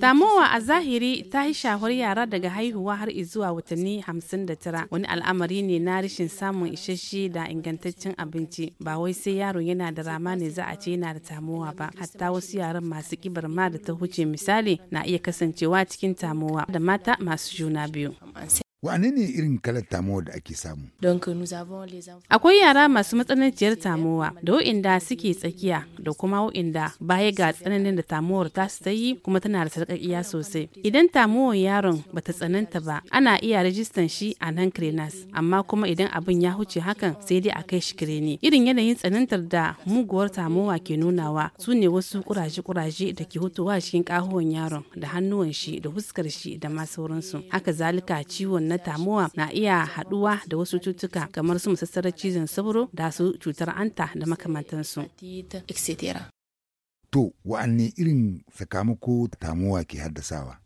Tamowa a zahiri ta yi shahar yara daga haihuwa har zuwa watanni 59 wani al'amari ne na rashin samun isasshe da ingantaccen abinci ba wai sai yaro yana da rama ne za a ce yana da tamowa ba hatta wasu yaran masu kibar ma da ta huce misali na iya kasancewa cikin tamowa da mata masu juna biyu. Wane ne irin kalar tamowa da ake samu? Akwai yara masu matsananciyar tamowa da wa'inda suke tsakiya da kuma wa'inda baya ga tsananin da tamowar ta su yi kuma tana da sarƙaƙiya sosai. Idan tamowar yaron bata tsananta ba ana iya rajistan shi a nan krenas amma kuma idan abin ya huce hakan sai dai a kai shi kireni. Irin yanayin tsanantar da muguwar tamowa ke nunawa su ne wasu kuraje-kuraje da ke hutuwa cikin ƙahuwan yaron da hannuwan shi da huskar shi da ma sauransu. Haka zalika ciwon na tamuwa na iya haduwa da wasu cutuka kamar su masassarar cizon sauro da su cutar anta da makamantansu. To, wa'anne irin sakamako tamuwa ke haddasawa?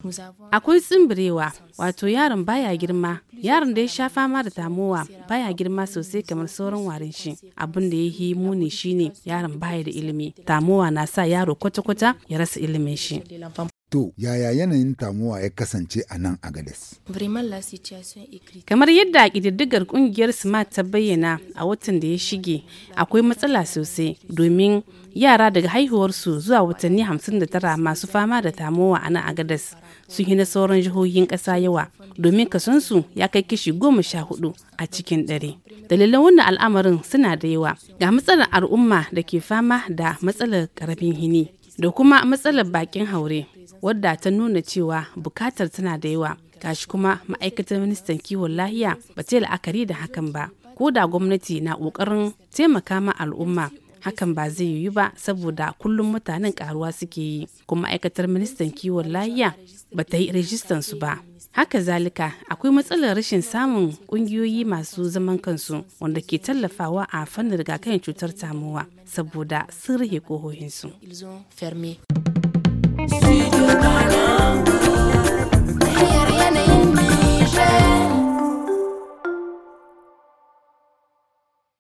Akwai tsimbirewa, wato yaron baya girma, yaron da ya sha fama da tamuwa baya girma sosai kamar sauran warin shi. Abin da ya yi muni shine yaron baya da ilimi, tamuwa na sa yaro kwata-kwata ya rasa ilimin shi. To, yaya yanayin tamuwa ya kasance a nan a Gades? Kamar yadda ƙididdigar ƙungiyar Smart ta bayyana a watan da ya shige, akwai matsala sosai domin yara daga haihuwarsu zuwa watanni 59 masu fama da tamuwa a nan a Gadas sun yi na sauran jihohin ƙasa yawa domin kasonsu ya kai kishi goma sha hudu a cikin ɗari. Dalilan wannan al'amarin suna da yawa ga matsalar al'umma da ke fama da matsalar ƙarfin hini da kuma matsalar bakin haure wadda ta nuna cewa bukatar tana da yawa kashi kuma ma'aikatar ministan kiwon lahiya ba ta la'akari da hakan ba ko da gwamnati na ƙoƙarin taimaka ma al'umma hakan ba zai yiwu ba saboda kullum mutanen karuwa suke yi kuma ma'aikatar ministan kiwon lahiya ba ta yi rajistan su ba haka zalika akwai matsalar rashin samun kungiyoyi masu zaman kansu wanda ke tallafawa a fannin rigakafin cutar tamowa saboda sun rihe kohohinsu